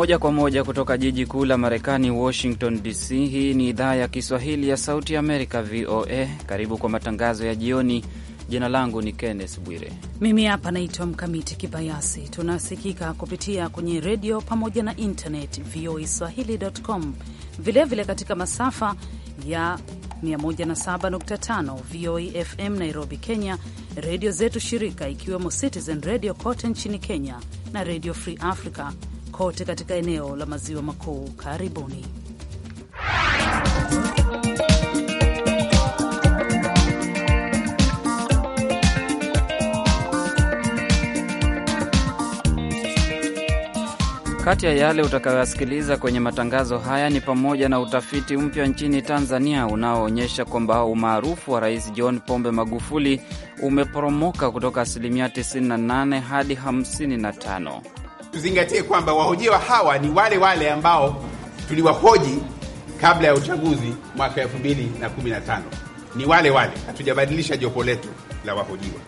Moja kwa moja kutoka jiji kuu la Marekani, Washington DC. Hii ni idhaa ya Kiswahili ya Sauti Amerika, VOA. Karibu kwa matangazo ya jioni. Jina langu ni Kenneth Bwire. Mimi hapa naitwa Mkamiti Kibayasi. Tunasikika kupitia kwenye redio pamoja na internet, voa swahili.com, vilevile katika masafa ya 107.5 VOA FM Nairobi, Kenya, redio zetu shirika ikiwemo Citizen Radio kote nchini Kenya na Radio Free Africa kote katika eneo la maziwa makuu. Karibuni. Kati ya yale utakayoyasikiliza kwenye matangazo haya ni pamoja na utafiti mpya nchini Tanzania unaoonyesha kwamba umaarufu wa Rais John Pombe Magufuli umeporomoka kutoka asilimia 98 hadi 55. Tuzingatie kwamba wahojiwa hawa ni wale wale ambao tuliwahoji kabla ya uchaguzi mwaka 2015. Ni wale wale, hatujabadilisha jopo letu la wahojiwa.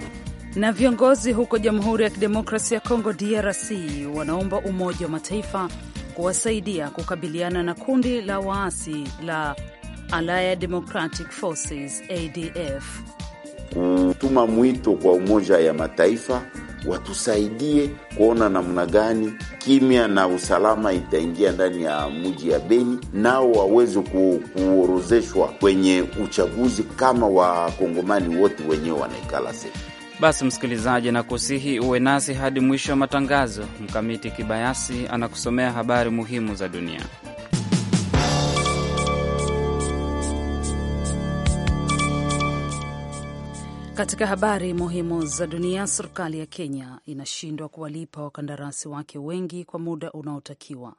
Na viongozi huko Jamhuri ya Kidemokrasia ya Kongo DRC wanaomba Umoja wa Mataifa kuwasaidia kukabiliana na kundi la waasi la Allied Democratic Forces ADF, kutuma mwito kwa Umoja ya Mataifa watusaidie kuona namna gani kimya na usalama itaingia ndani ya mji ya Beni, nao waweze kuorozeshwa kwenye uchaguzi kama wakongomani wote wenyewe wanaikala sehemu. Basi msikilizaji, na kusihi uwe nasi hadi mwisho wa matangazo. Mkamiti Kibayasi anakusomea habari muhimu za dunia. Katika habari muhimu za dunia, serikali ya Kenya inashindwa kuwalipa wakandarasi wake wengi kwa muda unaotakiwa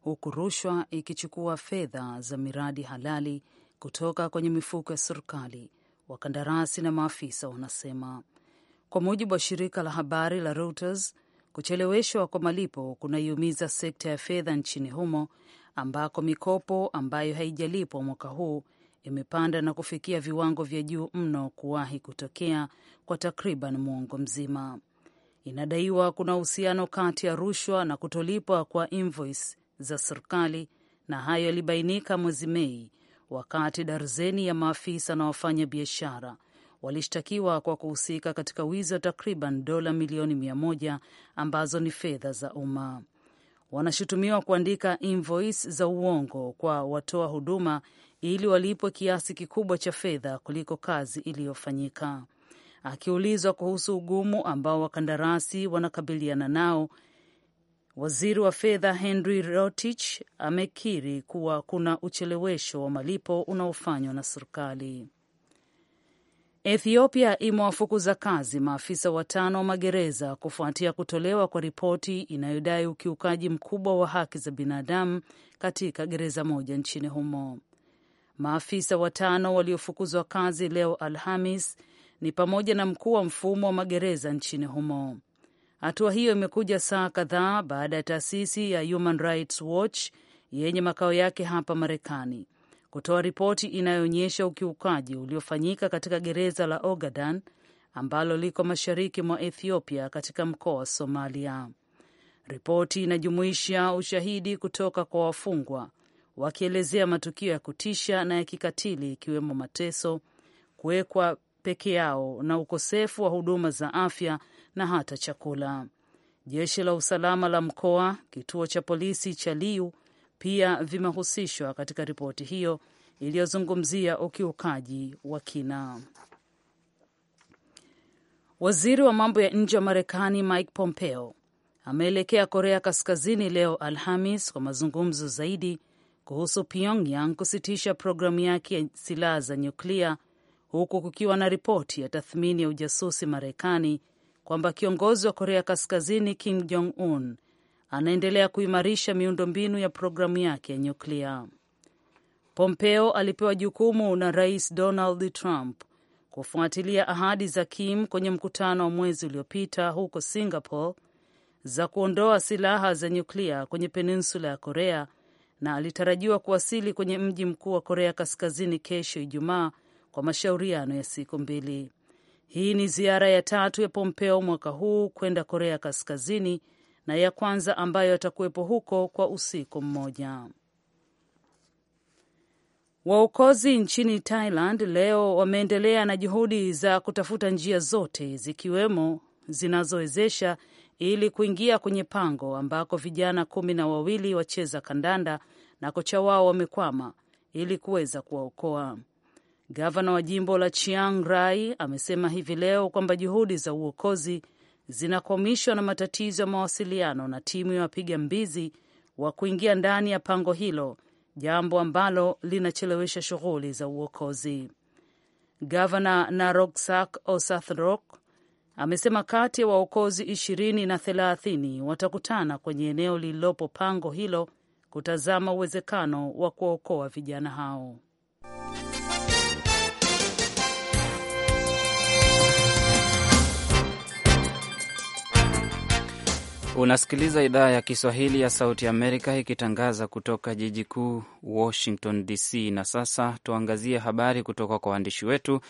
huku rushwa ikichukua fedha za miradi halali kutoka kwenye mifuko ya serikali, wakandarasi na maafisa wanasema. Kwa mujibu wa shirika la habari la Reuters, kucheleweshwa kwa malipo kunaiumiza sekta ya fedha nchini humo ambako mikopo ambayo haijalipwa mwaka huu imepanda na kufikia viwango vya juu mno kuwahi kutokea kwa takriban muongo mzima. Inadaiwa kuna uhusiano kati ya rushwa na kutolipwa kwa invoice za serikali, na hayo yalibainika mwezi Mei wakati darzeni ya maafisa na wafanya biashara walishtakiwa kwa kuhusika katika wizi wa takriban dola milioni mia moja ambazo ni fedha za umma. Wanashutumiwa kuandika invoice za uongo kwa watoa huduma ili walipwe kiasi kikubwa cha fedha kuliko kazi iliyofanyika. Akiulizwa kuhusu ugumu ambao wakandarasi wanakabiliana nao, waziri wa fedha Henry Rotich amekiri kuwa kuna uchelewesho wa malipo unaofanywa na serikali. Ethiopia imewafukuza kazi maafisa watano wa magereza kufuatia kutolewa kwa ripoti inayodai ukiukaji mkubwa wa haki za binadamu katika gereza moja nchini humo. Maafisa watano waliofukuzwa kazi leo Alhamis ni pamoja na mkuu wa mfumo wa magereza nchini humo. Hatua hiyo imekuja saa kadhaa baada ya taasisi ya Human Rights Watch yenye makao yake hapa Marekani kutoa ripoti inayoonyesha ukiukaji uliofanyika katika gereza la ogadan ambalo liko mashariki mwa Ethiopia katika mkoa wa Somalia. Ripoti inajumuisha ushahidi kutoka kwa wafungwa wakielezea matukio ya kutisha na ya kikatili ikiwemo mateso, kuwekwa peke yao na ukosefu wa huduma za afya na hata chakula. Jeshi la usalama la mkoa, kituo cha polisi cha Liu pia vimehusishwa katika ripoti hiyo iliyozungumzia ukiukaji wa kina. Waziri wa mambo ya nje wa Marekani Mike Pompeo ameelekea Korea Kaskazini leo Alhamis kwa mazungumzo zaidi kuhusu Pyongyang kusitisha programu yake ya silaha za nyuklia, huku kukiwa na ripoti ya tathmini ya ujasusi Marekani kwamba kiongozi wa Korea Kaskazini Kim Jong Un anaendelea kuimarisha miundombinu ya programu yake ya nyuklia. Pompeo alipewa jukumu na Rais Donald Trump kufuatilia ahadi za Kim kwenye mkutano wa mwezi uliopita huko Singapore za kuondoa silaha za nyuklia kwenye peninsula ya Korea na alitarajiwa kuwasili kwenye mji mkuu wa Korea Kaskazini kesho Ijumaa kwa mashauriano ya siku mbili. Hii ni ziara ya tatu ya Pompeo mwaka huu kwenda Korea Kaskazini na ya kwanza ambayo atakuwepo huko kwa usiku mmoja. Waokozi nchini Thailand leo wameendelea na juhudi za kutafuta njia zote zikiwemo zinazowezesha ili kuingia kwenye pango ambako vijana kumi na wawili wacheza kandanda na kocha wao wamekwama ili kuweza kuwaokoa. Gavana wa jimbo la Chiang Rai amesema hivi leo kwamba juhudi za uokozi zinakwamishwa na matatizo ya mawasiliano na timu ya wapiga mbizi wa kuingia ndani ya pango hilo, jambo ambalo linachelewesha shughuli za uokozi. Gavana Narongsak Osathrok amesema kati ya waokozi ishirini na thelathini watakutana kwenye eneo lililopo pango hilo kutazama uwezekano wa kuwaokoa vijana hao. Unasikiliza idhaa ya Kiswahili ya Sauti ya Amerika ikitangaza kutoka jiji kuu Washington DC. Na sasa tuangazie habari kutoka kwa waandishi wetu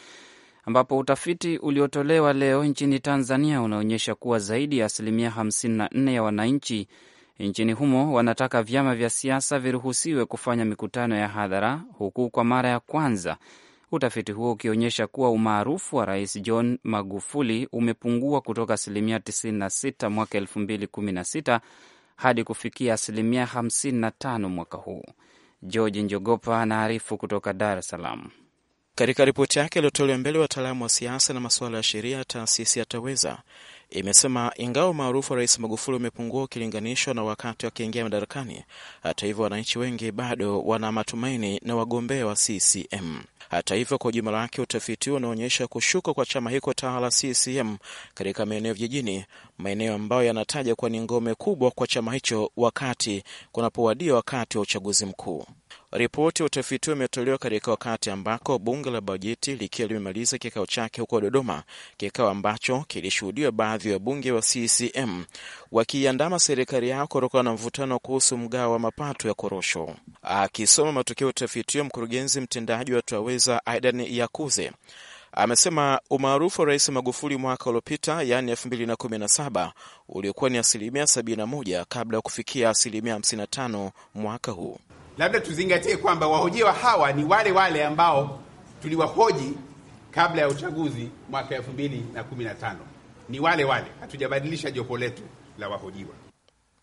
ambapo utafiti uliotolewa leo nchini Tanzania unaonyesha kuwa zaidi ya asilimia 54 ya wananchi nchini humo wanataka vyama vya siasa viruhusiwe kufanya mikutano ya hadhara, huku kwa mara ya kwanza utafiti huo ukionyesha kuwa umaarufu wa Rais John Magufuli umepungua kutoka asilimia 96 mwaka 2016 hadi kufikia asilimia 55 mwaka huu. George Njogopa anaarifu kutoka Dar es Salaam. Katika ripoti yake iliyotolewa mbele wataalamu wa siasa na masuala ya sheria, taasisi ya Taweza imesema ingawa umaarufu wa Rais Magufuli umepungua ukilinganishwa na wakati wakiingia madarakani, hata hivyo, wananchi wengi bado wana matumaini na wagombea wa CCM. Hata hivyo, kwa ujumla wake, utafiti unaonyesha kushuka kwa chama hiko tawala CCM katika maeneo vijijini, maeneo ambayo yanataja kuwa ni ngome kubwa kwa chama hicho wakati kunapowadia wakati wa uchaguzi mkuu. Ripoti ya utafiti huo imetolewa katika wakati ambako bunge la bajeti likiwa limemaliza kikao chake huko Dodoma, kikao ambacho kilishuhudiwa baadhi ya wabunge wa CCM wakiiandama serikali yao kutokana na mvutano kuhusu mgao wa mapato ya korosho. Akisoma matokeo ya utafiti huo, mkurugenzi mtendaji wa Twaweza Aidan Yakuze amesema umaarufu wa Rais Magufuli mwaka uliopita, yaani 2017 uliokuwa ni asilimia 71 kabla ya kufikia asilimia 55 mwaka huu. Labda tuzingatie kwamba wahojiwa hawa ni wale wale ambao tuliwahoji kabla ya uchaguzi mwaka tano Ni wale wale, hatujabadilisha jopo letu la wahojiwa.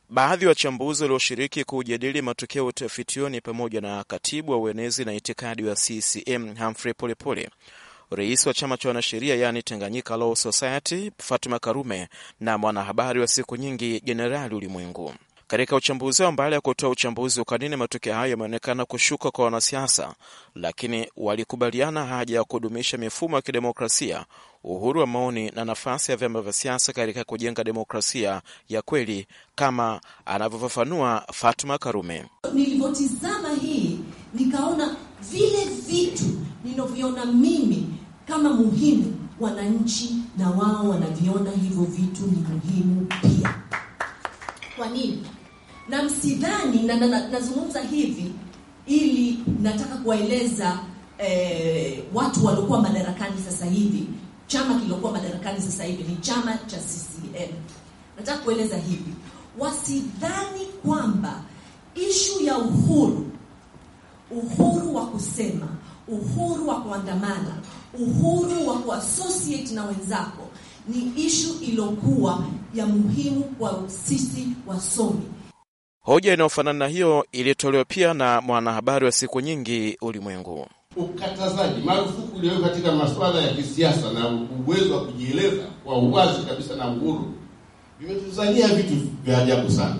Baadhi ya wachambuzi walioshiriki kujadili matokeo ya utafiti huo ni pamoja na katibu wa uenezi na itikadi wa CCM Humphrey Polepole, rais wa chama cha wanasheria yani Tanganyika Law Society Fatima Karume na mwanahabari wa siku nyingi Jenerali Ulimwengu. Katika uchambuzi wao, mbali ya kutoa uchambuzi wa kwa nini matokeo hayo yameonekana kushuka kwa wanasiasa, lakini walikubaliana haja ya kudumisha mifumo ya kidemokrasia, uhuru wa maoni na nafasi ya vyama vya siasa katika kujenga demokrasia ya kweli, kama anavyofafanua Fatma Karume. Nilivyotizama hii nikaona vile vitu ninavyoona mimi kama muhimu, wananchi na wao wanaviona hivyo vitu ni muhimu pia. Kwa nini? na msidhani na, na, na, nazungumza hivi ili nataka kuwaeleza eh, watu waliokuwa madarakani sasa hivi. Chama kiliokuwa madarakani sasa hivi ni chama cha CCM. Nataka kueleza hivi, wasidhani kwamba ishu ya uhuru, uhuru wa kusema, uhuru wa kuandamana, uhuru wa kuassociate na wenzako ni ishu iliyokuwa ya muhimu kwa sisi wasomi Hoja inayofanana na hiyo ilitolewa pia na mwanahabari wa siku nyingi Ulimwengu. Ukatazaji, marufuku iliyowekwa katika masuala ya kisiasa na uwezo wa kujieleza kwa uwazi kabisa na uhuru vimetuzania vitu vya ajabu sana.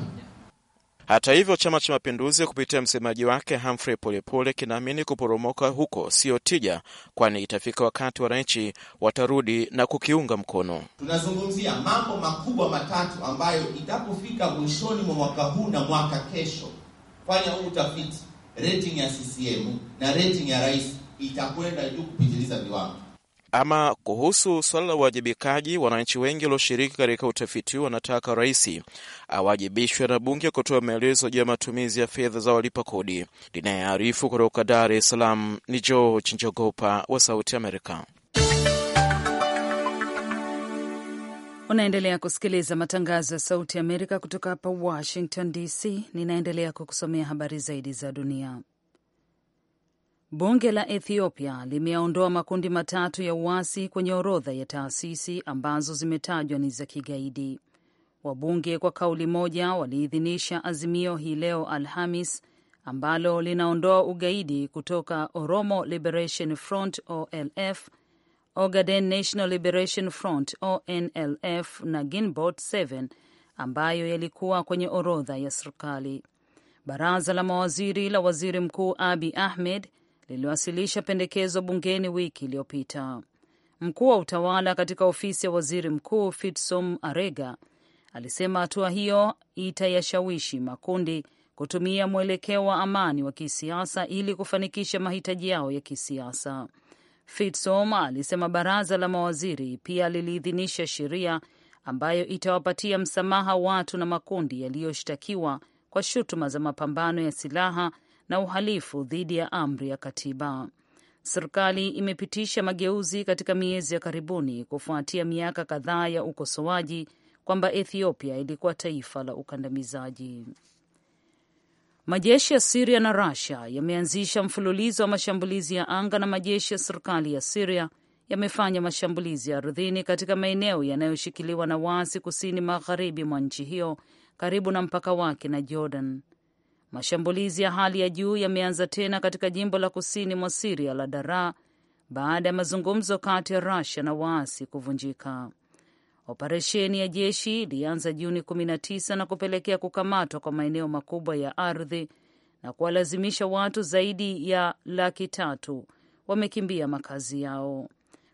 Hata hivyo, Chama cha Mapinduzi kupitia msemaji wake Humphrey Polepole kinaamini kuporomoka huko sio tija, kwani itafika wakati wananchi watarudi na kukiunga mkono. Tunazungumzia mambo makubwa matatu ambayo itapofika mwishoni mwa mwaka huu na mwaka kesho, fanya huu utafiti, rating ya CCM na rating ya rais itakwenda juu kupitiliza viwango. Ama kuhusu swala la uwajibikaji, wananchi wengi walioshiriki katika utafiti huu wanataka rais awajibishwe na bunge kutoa maelezo juu ya matumizi ya fedha za walipa kodi. Linayearifu kutoka Dar es Salaam ni George Njogopa wa Sauti Amerika. Unaendelea kusikiliza matangazo ya Sauti Amerika kutoka hapa Washington DC. Ninaendelea kukusomea habari zaidi za dunia. Bunge la Ethiopia limeondoa makundi matatu ya uasi kwenye orodha ya taasisi ambazo zimetajwa ni za kigaidi. Wabunge kwa kauli moja waliidhinisha azimio hii leo Alhamis ambalo linaondoa ugaidi kutoka Oromo Liberation Front OLF, Ogaden National Liberation Front ONLF na Ginbot 7 ambayo yalikuwa kwenye orodha ya serikali. Baraza la mawaziri la waziri mkuu Abi Ahmed liliwasilisha pendekezo bungeni wiki iliyopita. Mkuu wa utawala katika ofisi ya waziri mkuu fitsom Arega alisema hatua hiyo itayashawishi makundi kutumia mwelekeo wa amani wa kisiasa ili kufanikisha mahitaji yao ya kisiasa. Fitsom alisema baraza la mawaziri pia liliidhinisha sheria ambayo itawapatia msamaha watu na makundi yaliyoshtakiwa kwa shutuma za mapambano ya silaha na uhalifu dhidi ya amri ya katiba. Serikali imepitisha mageuzi katika miezi ya karibuni kufuatia miaka kadhaa ya ukosoaji kwamba Ethiopia ilikuwa taifa la ukandamizaji. Majeshi ya Siria na Rusia yameanzisha mfululizo wa mashambulizi ya anga na majeshi ya serikali ya Siria yamefanya mashambulizi ya ardhini katika maeneo yanayoshikiliwa na waasi kusini magharibi mwa nchi hiyo karibu na mpaka wake na Jordan. Mashambulizi ya hali ya juu yameanza tena katika jimbo la kusini mwa Siria la Daraa baada ya mazungumzo kati ya Rusia na waasi kuvunjika. Operesheni ya jeshi ilianza Juni 19 na kupelekea kukamatwa kwa maeneo makubwa ya ardhi na kuwalazimisha watu zaidi ya laki tatu wamekimbia makazi yao.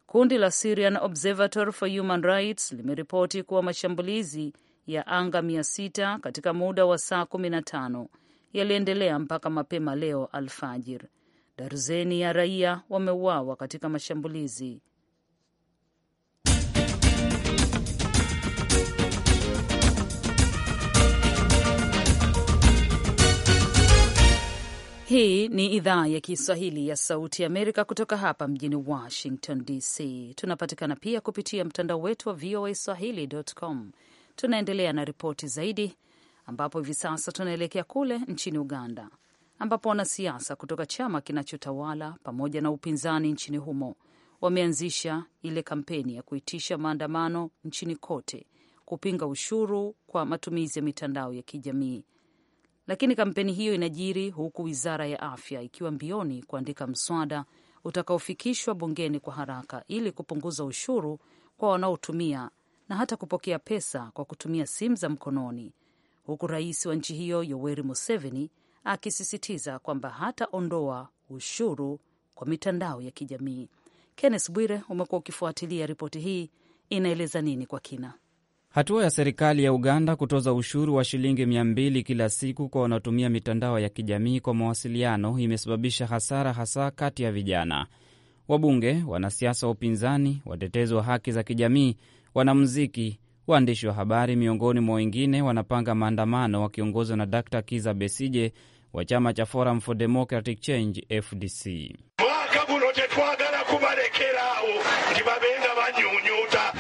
Kundi la Syrian Observatory for Human Rights limeripoti kuwa mashambulizi ya anga 600 katika muda wa saa yaliendelea mpaka mapema leo alfajir. Darzeni ya raia wameuawa katika mashambulizi. Hii ni idhaa ya Kiswahili ya Sauti ya Amerika kutoka hapa mjini Washington DC. Tunapatikana pia kupitia mtandao wetu wa VOA swahili.com. Tunaendelea na ripoti zaidi ambapo hivi sasa tunaelekea kule nchini Uganda ambapo wanasiasa kutoka chama kinachotawala pamoja na upinzani nchini humo wameanzisha ile kampeni ya kuitisha maandamano nchini kote kupinga ushuru kwa matumizi ya mitandao ya kijamii. Lakini kampeni hiyo inajiri huku wizara ya afya ikiwa mbioni kuandika mswada utakaofikishwa bungeni kwa haraka ili kupunguza ushuru kwa wanaotumia na hata kupokea pesa kwa kutumia simu za mkononi huku rais wa nchi hiyo Yoweri Museveni akisisitiza kwamba hataondoa ushuru kwa mitandao ya kijamii. Kenneth Bwire, umekuwa ukifuatilia ripoti hii, inaeleza nini kwa kina? Hatua ya serikali ya Uganda kutoza ushuru wa shilingi mia kila siku kwa wanaotumia mitandao ya kijamii kwa mawasiliano imesababisha hasara hasa kati ya vijana. Wabunge, wanasiasa wa upinzani, watetezi wa haki za kijamii, wanamuziki Waandishi wa habari miongoni mwa wengine wanapanga maandamano wakiongozwa na Dr Kiza Besije wa chama cha Forum for Democratic Change FDC.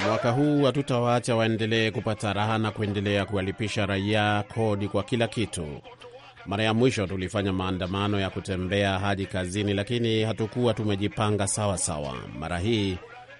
Mwaka huu hatutawaacha waendelee kupata raha na kuendelea kuwalipisha raia kodi kwa kila kitu. Mara ya mwisho tulifanya maandamano ya kutembea hadi kazini, lakini hatukuwa tumejipanga sawa sawa. Mara hii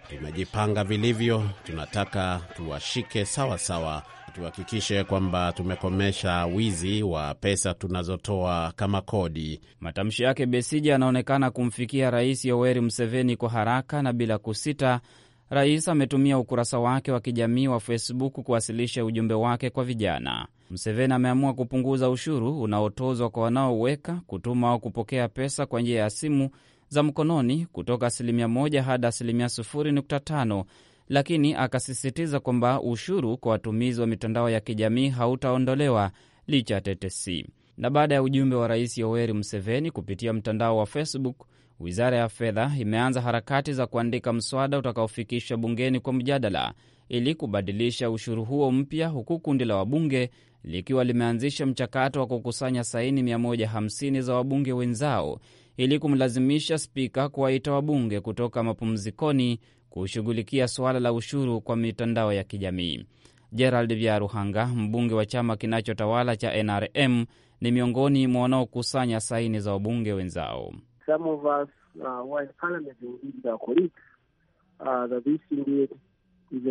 tumejipanga vilivyo, tunataka tuwashike sawa sawa, tuhakikishe kwamba tumekomesha wizi wa pesa tunazotoa kama kodi. Matamshi yake Besija yanaonekana kumfikia Rais Yoweri Museveni kwa haraka na bila kusita. Rais ametumia ukurasa wake wa kijamii wa Facebook kuwasilisha ujumbe wake kwa vijana. mseveni ameamua kupunguza ushuru unaotozwa kwa wanaoweka, kutuma au kupokea pesa kwa njia ya simu za mkononi kutoka asilimia 1 hadi asilimia 0.5, lakini akasisitiza kwamba ushuru kwa watumizi wa mitandao ya kijamii hautaondolewa licha ya tetesi. Na baada ya ujumbe wa Rais Yoweri Museveni kupitia mtandao wa Facebook, wizara ya fedha imeanza harakati za kuandika mswada utakaofikisha bungeni kwa mjadala ili kubadilisha ushuru huo mpya, huku kundi la wabunge likiwa limeanzisha mchakato wa kukusanya saini 150 za wabunge wenzao ili kumlazimisha spika kuwaita wabunge kutoka mapumzikoni kushughulikia suala la ushuru kwa mitandao ya kijamii. Gerald ruhanga mbunge wa chama kinachotawala cha NRM, ni miongoni mwa wanaokusanya saini za wabunge wenzao. Uh,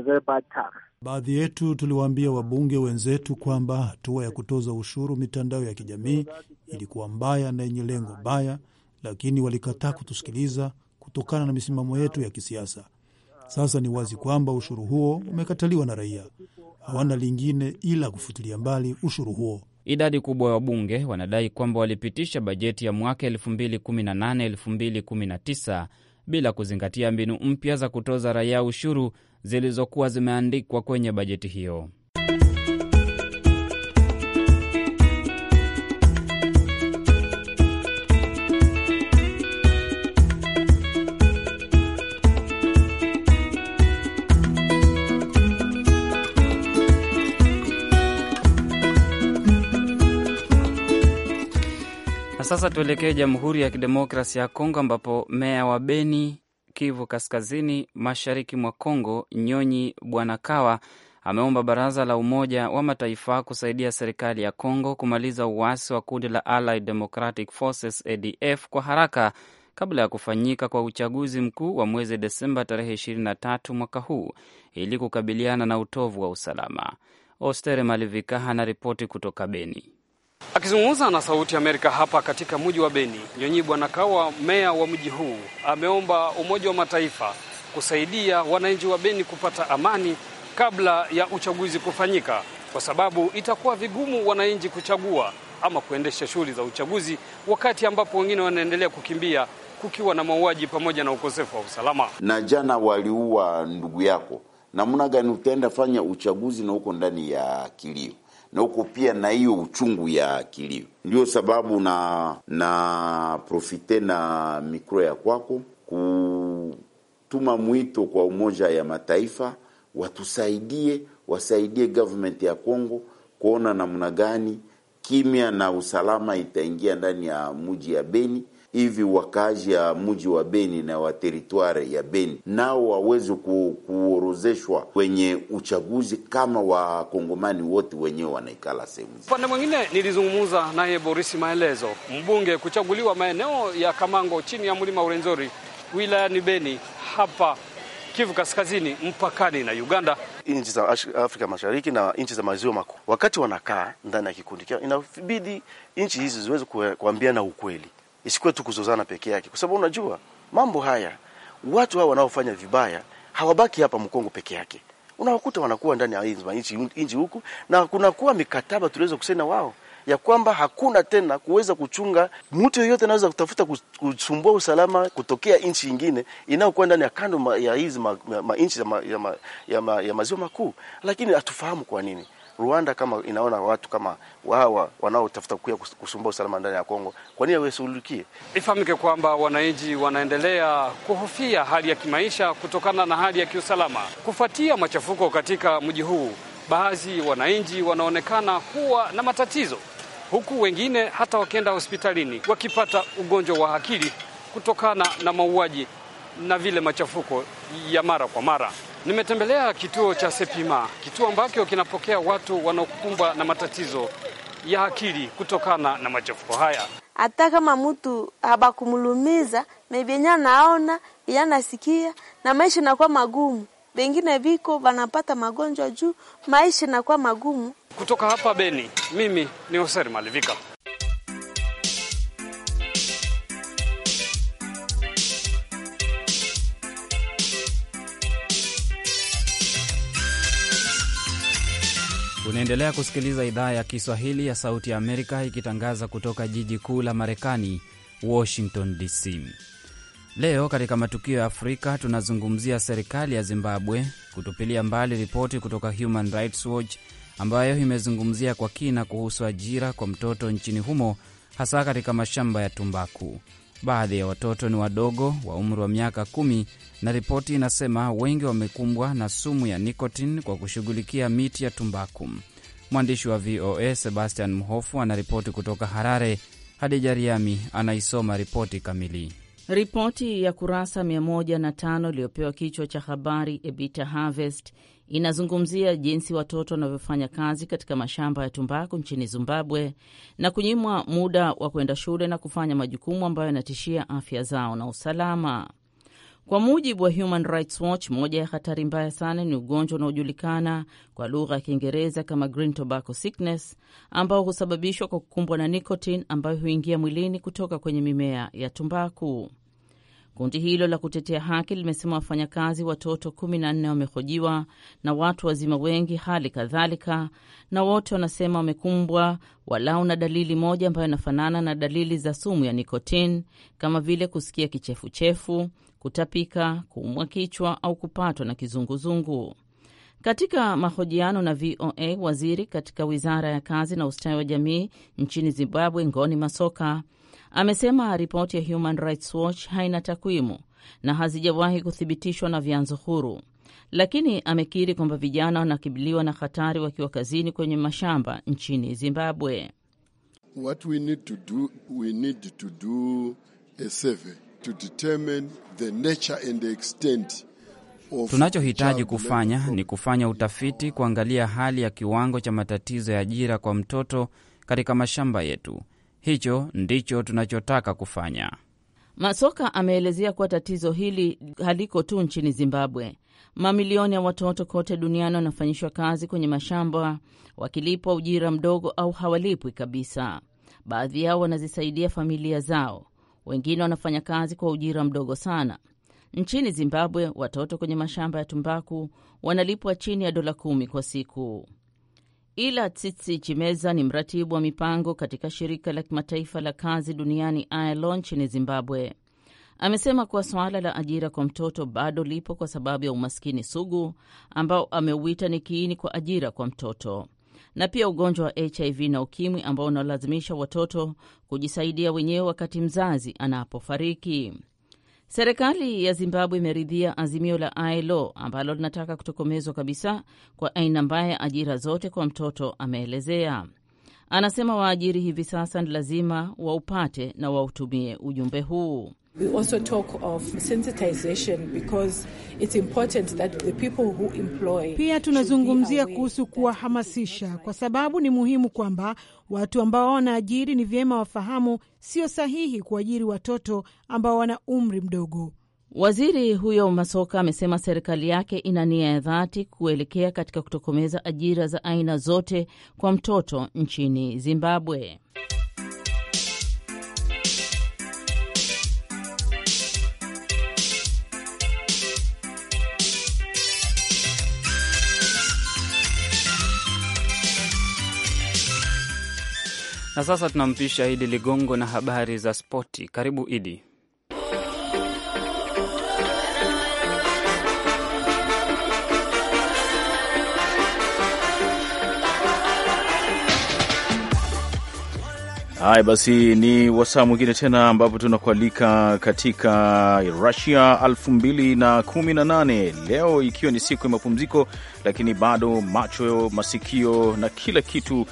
uh, Baadhi yetu tuliwaambia wabunge wenzetu kwamba hatua ya kutoza ushuru mitandao ya kijamii ilikuwa mbaya na yenye lengo baya lakini walikataa kutusikiliza kutokana na misimamo yetu ya kisiasa. Sasa ni wazi kwamba ushuru huo umekataliwa na raia, hawana lingine ila kufutilia mbali ushuru huo. Idadi kubwa ya wabunge wanadai kwamba walipitisha bajeti ya mwaka 2018-2019 bila kuzingatia mbinu mpya za kutoza raia ushuru zilizokuwa zimeandikwa kwenye bajeti hiyo. sasa tuelekee Jamhuri ya Kidemokrasi ya Kongo, ambapo meya wa Beni, Kivu Kaskazini, mashariki mwa Kongo, Nyonyi Bwanakawa ameomba baraza la Umoja wa Mataifa kusaidia serikali ya Kongo kumaliza uasi wa kundi la Allied Democratic Forces ADF kwa haraka kabla ya kufanyika kwa uchaguzi mkuu wa mwezi Desemba tarehe 23 mwaka huu ili kukabiliana na utovu wa usalama. Ostere Malivika anaripoti kutoka Beni. Akizungumza na Sauti ya Amerika hapa katika mji wa Beni, Nyonyi Bwana Kawa, meya wa mji huu, ameomba Umoja wa Mataifa kusaidia wananchi wa Beni kupata amani kabla ya uchaguzi kufanyika, kwa sababu itakuwa vigumu wananchi kuchagua ama kuendesha shughuli za uchaguzi wakati ambapo wengine wanaendelea kukimbia kukiwa na mauaji pamoja na ukosefu wa usalama. Na jana waliua ndugu yako, namna gani utaenda fanya uchaguzi na huko ndani ya kilio? na huko pia na hiyo uchungu ya kilio. Ndio sababu na na profite na mikro ya kwako kutuma mwito kwa Umoja ya Mataifa watusaidie, wasaidie government ya Kongo kuona namna gani kimya na usalama itaingia ndani ya muji ya Beni hivi wakazi ya mji wa Beni na wa teritware ya Beni nao waweze ku, kuorozeshwa kwenye uchaguzi kama wakongomani wote wenyewe wanaikala sehemu. Upande mwingine nilizungumza naye Boris Maelezo, mbunge kuchaguliwa maeneo ya Kamango chini ya mlima Urenzori wilayani Beni hapa Kivu Kaskazini mpakani na Uganda, nchi za Afrika Mashariki na nchi za maziwa makuu. Wakati wanakaa ndani ya kikundi chao, inabidi nchi hizi ziweze kuambiana ukweli isikuwe tu kuzozana peke yake, kwa sababu unajua mambo haya, watu hawa wanaofanya vibaya hawabaki hapa Mkongo peke yake, unawakuta wanakuwa ndani ya nchi huku, na kunakuwa mikataba tuliweza kusema wao ya kwamba hakuna tena kuweza kuchunga mtu yeyote anaweza kutafuta kusumbua usalama kutokea nchi nyingine inayokuwa ndani ya kando ya hizi ma, ma, ma, nchi ya, ma, ya, ma, ya, ma, ya maziwa makuu, lakini hatufahamu kwa nini Rwanda kama inaona watu kama wawa wanaotafuta kuya kusumbua usalama ndani ya Kongo, kwa nini wasuluhikie? Ifahamike kwamba wananchi wanaendelea kuhofia hali ya kimaisha kutokana na hali ya kiusalama kufuatia machafuko katika mji huu. Baadhi wananchi wanaonekana kuwa na matatizo, huku wengine hata wakienda hospitalini wakipata ugonjwa wa akili kutokana na mauaji na vile machafuko ya mara kwa mara. Nimetembelea kituo cha Sepima, kituo ambacho kinapokea watu wanaokumbwa na matatizo ya akili kutokana na machafuko haya. Hata kama mtu habakumulumiza mebenya, naona ya nasikia na maisha inakuwa magumu, bengine viko wanapata magonjwa juu maisha inakuwa magumu. Kutoka hapa Beni, mimi ni Hoser Malivika. Unaendelea kusikiliza idhaa ya Kiswahili ya Sauti ya Amerika ikitangaza kutoka jiji kuu la Marekani, Washington DC. Leo katika matukio ya Afrika tunazungumzia serikali ya Zimbabwe kutupilia mbali ripoti kutoka Human Rights Watch ambayo imezungumzia kwa kina kuhusu ajira kwa mtoto nchini humo, hasa katika mashamba ya tumbaku. Baadhi ya watoto ni wadogo wa umri wa miaka kumi, na ripoti inasema wengi wamekumbwa na sumu ya nikotin kwa kushughulikia miti ya tumbaku. Mwandishi wa VOA Sebastian Mhofu anaripoti kutoka Harare. Hadija Riami anaisoma ripoti kamili. Ripoti ya kurasa 105 iliyopewa kichwa cha habari Ebita Harvest inazungumzia jinsi watoto wanavyofanya kazi katika mashamba ya tumbaku nchini Zimbabwe na kunyimwa muda wa kwenda shule na kufanya majukumu ambayo yanatishia afya zao na usalama. Kwa mujibu wa Human Rights Watch, moja ya hatari mbaya sana ni ugonjwa unaojulikana kwa lugha ya Kiingereza kama green tobacco sickness, ambao husababishwa kwa kukumbwa na nikotin ambayo huingia mwilini kutoka kwenye mimea ya tumbaku. Kundi hilo la kutetea haki limesema wafanyakazi watoto kumi na nne wamehojiwa na watu wazima wengi hali kadhalika, na wote wanasema wamekumbwa walau na dalili moja ambayo inafanana na dalili za sumu ya nikotini kama vile kusikia kichefuchefu, kutapika, kuumwa kichwa au kupatwa na kizunguzungu. Katika mahojiano na VOA, waziri katika wizara ya kazi na ustawi wa jamii nchini Zimbabwe, Ngoni Masoka Amesema ripoti ya Human Rights Watch haina takwimu na hazijawahi kuthibitishwa na vyanzo huru, lakini amekiri kwamba vijana wanakabiliwa na hatari wakiwa kazini kwenye mashamba nchini Zimbabwe. What we need to do, we need to do a survey to determine the nature and the extent Tunachohitaji kufanya ni kufanya utafiti kuangalia hali ya kiwango cha matatizo ya ajira kwa mtoto katika mashamba yetu. Hicho ndicho tunachotaka kufanya. Masoka ameelezea kuwa tatizo hili haliko tu nchini Zimbabwe. Mamilioni ya watoto kote duniani wanafanyishwa kazi kwenye mashamba wakilipwa ujira mdogo au hawalipwi kabisa. Baadhi yao wanazisaidia familia zao, wengine wanafanya kazi kwa ujira mdogo sana. Nchini Zimbabwe, watoto kwenye mashamba ya tumbaku wanalipwa chini ya dola kumi kwa siku. Ila Tsitsi Chimeza ni mratibu wa mipango katika shirika la kimataifa la kazi duniani ILO nchini Zimbabwe. Amesema kuwa suala la ajira kwa mtoto bado lipo kwa sababu ya umaskini sugu ambao ameuita ni kiini kwa ajira kwa mtoto na pia ugonjwa wa HIV na ukimwi ambao unalazimisha watoto kujisaidia wenyewe wakati mzazi anapofariki. Serikali ya Zimbabwe imeridhia azimio la ILO ambalo linataka kutokomezwa kabisa kwa aina mbaya ya ajira zote kwa mtoto. Ameelezea, anasema waajiri hivi sasa ni lazima waupate na wautumie ujumbe huu. We also talk of sensitization because it's important that the people who employ. Pia tunazungumzia kuhusu kuwahamasisha kwa sababu ni muhimu kwamba watu ambao wanaajiri ni vyema wafahamu sio sahihi kuajiri watoto ambao wana umri mdogo. Waziri huyo Masoka amesema serikali yake ina nia ya dhati kuelekea katika kutokomeza ajira za aina zote kwa mtoto nchini Zimbabwe. Na sasa tunampisha Idi Ligongo na habari za spoti. Karibu Idi. Haya basi, ni wasaa mwingine tena ambapo tunakualika katika Rusia 2018 leo, ikiwa ni siku ya mapumziko, lakini bado macho, masikio na kila kitu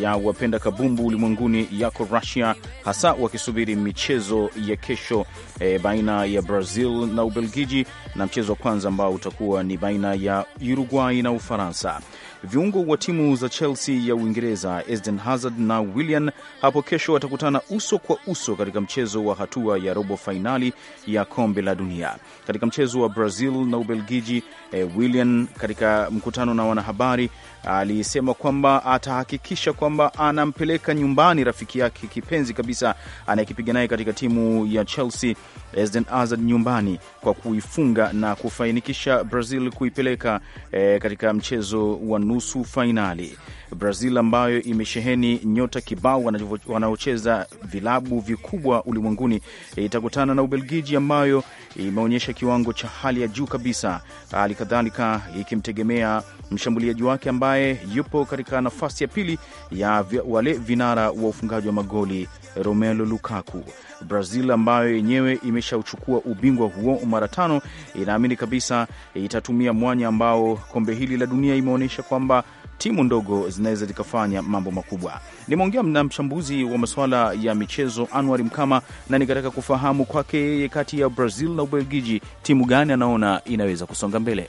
ya wapenda kabumbu ulimwenguni yako Russia, hasa wakisubiri michezo ya kesho e, baina ya Brazil na Ubelgiji na mchezo wa kwanza ambao utakuwa ni baina ya Uruguay na Ufaransa. Viungo wa timu za Chelsea ya Uingereza Eden Hazard na Willian hapo kesho watakutana uso kwa uso katika mchezo wa hatua ya robo fainali ya kombe la dunia. Katika mchezo wa Brazil na Ubelgiji, eh, Willian katika mkutano na wanahabari alisema kwamba atahakikisha kwamba anampeleka nyumbani rafiki yake kipenzi kabisa anayekipiga naye katika timu ya Chelsea Eden Hazard nyumbani kwa kuifunga na kufainikisha Brazil kuipeleka e, katika mchezo wa nusu fainali. Brazil ambayo imesheheni nyota kibao wanaocheza vilabu vikubwa ulimwenguni eh, itakutana na Ubelgiji ambayo imeonyesha kiwango cha hali ya juu kabisa, hali kadhalika ikimtegemea mshambuliaji wake ambaye yupo katika nafasi ya pili ya wale vinara wa ufungaji wa magoli Romelu Lukaku. Brazil ambayo yenyewe imeshauchukua ubingwa huo mara tano, inaamini kabisa itatumia mwanya ambao kombe hili la dunia imeonyesha kwamba timu ndogo zinaweza zikafanya mambo makubwa. Nimeongea na mchambuzi wa masuala ya michezo Anwar Mkama na nikataka kufahamu kwake, yeye kati ya Brazil na Ubelgiji, timu gani anaona inaweza kusonga mbele?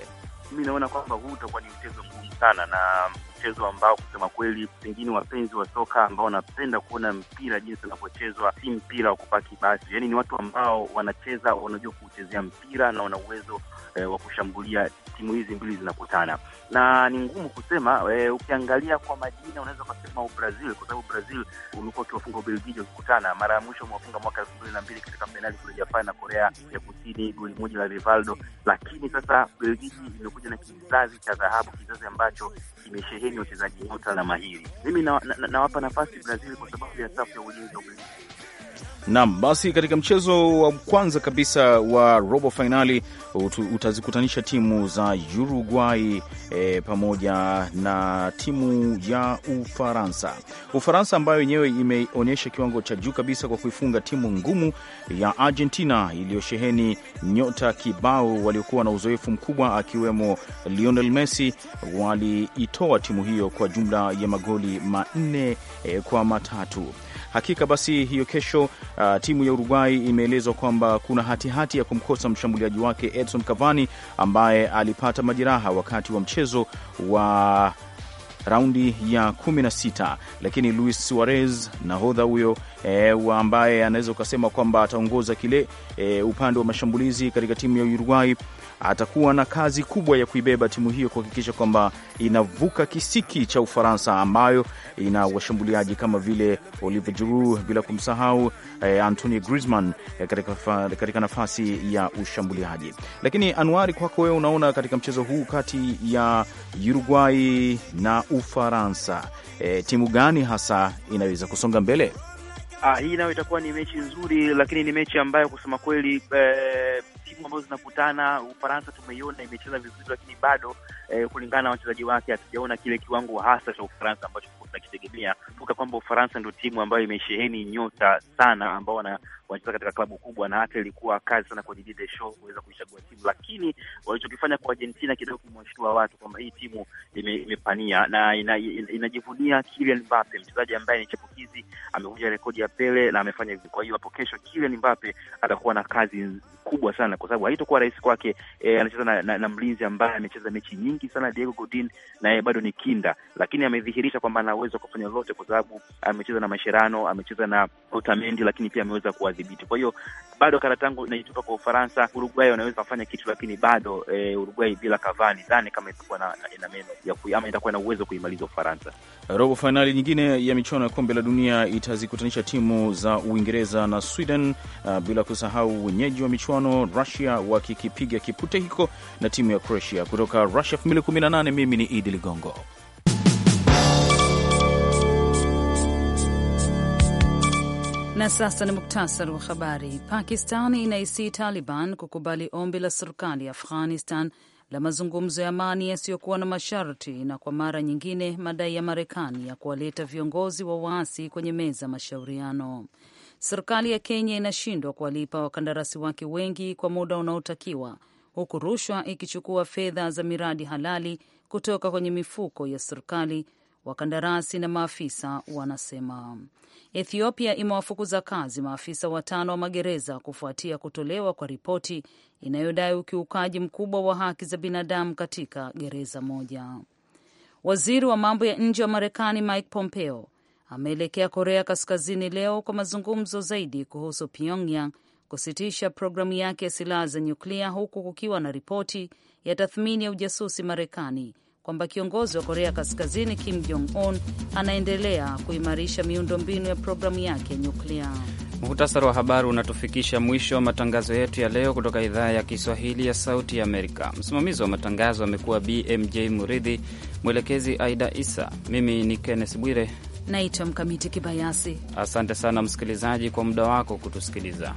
mi naona kwamba huu utakuwa ni mchezo mgumu sana, na mchezo ambao kusema kweli, pengine wapenzi wa soka ambao wanapenda kuona mpira jinsi unavyochezwa, si mpira wa kupaki basi. Yani ni watu ambao wanacheza, wanajua kuuchezea mpira na wana uwezo eh, wa kushambulia timu hizi mbili zinakutana, na ni ngumu kusema e, ukiangalia kwa majina unaweza ukasema ubrazil kwa sababu Brazil umekuwa ukiwafunga Ubelgiji wakikutana. Mara ya mwisho umewafunga mwaka elfu mbili na mbili katika fainali kule Japani na Korea ya Kusini, goli moja la Rivaldo. Lakini sasa belgiji imekuja na kizazi cha dhahabu, kizazi ambacho kimesheheni wachezaji nyota na mahiri. Mimi nawapa na, na, na nafasi Brazil kwa sababu ya safu ya ulinzi wa Ubelgiji. Nam, basi katika mchezo wa kwanza kabisa wa robo fainali utazikutanisha timu za Uruguay e, pamoja na timu ya Ufaransa. Ufaransa ambayo yenyewe imeonyesha kiwango cha juu kabisa kwa kuifunga timu ngumu ya Argentina iliyosheheni nyota kibao waliokuwa na uzoefu mkubwa akiwemo Lionel Messi. Waliitoa timu hiyo kwa jumla ya magoli manne e, kwa matatu. Hakika basi hiyo kesho, uh, timu ya Uruguay imeelezwa kwamba kuna hatihati hati ya kumkosa mshambuliaji wake Edson Cavani ambaye alipata majeraha wakati wa mchezo wa raundi ya 16 lakini Luis Suarez nahodha huyo e, ambaye anaweza ukasema kwamba ataongoza kile e, upande wa mashambulizi katika timu ya Uruguay atakuwa na kazi kubwa ya kuibeba timu hiyo kuhakikisha kwamba inavuka kisiki cha Ufaransa ambayo ina washambuliaji kama vile Olivier Giroud, bila kumsahau eh, Antoine Griezmann eh, katika, katika nafasi ya ushambuliaji. Lakini Anuari, kwako wewe, unaona katika mchezo huu kati ya Uruguay na Ufaransa eh, timu gani hasa inaweza kusonga mbele? Ah, hii nayo itakuwa ni mechi nzuri, lakini ni mechi ambayo kusema kweli eh, timu ambazo zinakutana, Ufaransa tumeiona imecheza vizuri, lakini bado eh, kulingana na wachezaji wake hatujaona kile kiwango hasa cha Ufaransa ambacho tunakitegemea. Kumbuka kwamba Ufaransa ndio timu ambayo imesheheni nyota sana ambao wana wanacheza katika klabu kubwa, na hata ilikuwa kazi sana kwa Didier Deschamps kuweza kuichagua timu, lakini walichokifanya kwa Argentina kidogo kimewashtua watu kwamba hii timu imepania na inajivunia ina, ina Kylian Mbappe, mchezaji ambaye ni chipukizi, amekuja rekodi ya Pele na amefanya hivi. Kwa hiyo hapo kesho Kylian Mbappe atakuwa na kazi kubwa sana kwa sababu haitakuwa rahisi kwake. E, anacheza na, na, na mlinzi ambaye amecheza mechi nyingi sana Diego Godin, na yeye bado ni kinda, lakini amedhihirisha kwamba anaweza kufanya lolote kwa sababu amecheza na Mascherano, amecheza na Otamendi, lakini pia ameweza kuadhi kudhibiti. Kwa hiyo bado Karatangu inajitupa kwa Ufaransa. Uruguay wanaweza kufanya kitu, lakini bado e, Uruguay bila Cavani dhani kama itakuwa na, na na meno ya kui, ama itakuwa na uwezo kuimaliza Ufaransa. Robo fainali nyingine ya michuano ya kombe la dunia itazikutanisha timu za Uingereza na Sweden, uh, bila kusahau wenyeji wa michuano Russia wakikipiga kipute hiko na timu ya Croatia kutoka Russia elfu Mimi ni Idi Ligongo. Na sasa ni muktasari wa habari. Pakistan inaisii Taliban kukubali ombi la serikali ya Afghanistan la mazungumzo ya amani yasiyokuwa na masharti, na kwa mara nyingine madai ya Marekani ya kuwaleta viongozi wa waasi kwenye meza mashauriano. Serikali ya Kenya inashindwa kuwalipa wakandarasi wake wengi kwa muda unaotakiwa huku rushwa ikichukua fedha za miradi halali kutoka kwenye mifuko ya serikali wakandarasi na maafisa wanasema. Ethiopia imewafukuza kazi maafisa watano wa magereza kufuatia kutolewa kwa ripoti inayodai ukiukaji mkubwa wa haki za binadamu katika gereza moja. Waziri wa mambo ya nje wa Marekani Mike Pompeo ameelekea Korea Kaskazini leo kwa mazungumzo zaidi kuhusu Pyongyang kusitisha programu yake ya silaha za nyuklia huku kukiwa na ripoti ya tathmini ya ujasusi Marekani kwamba kiongozi wa Korea Kaskazini Kim Jong Un anaendelea kuimarisha miundombinu ya programu yake ya nyuklia. Muhtasari wa habari unatufikisha mwisho wa matangazo yetu ya leo kutoka idhaa ya Kiswahili ya Sauti ya Amerika. Msimamizi wa matangazo amekuwa BMJ Muridhi, mwelekezi Aida Isa, mimi ni Kenneth Bwire naitwa Mkamiti Kibayasi. Asante sana msikilizaji kwa muda wako kutusikiliza.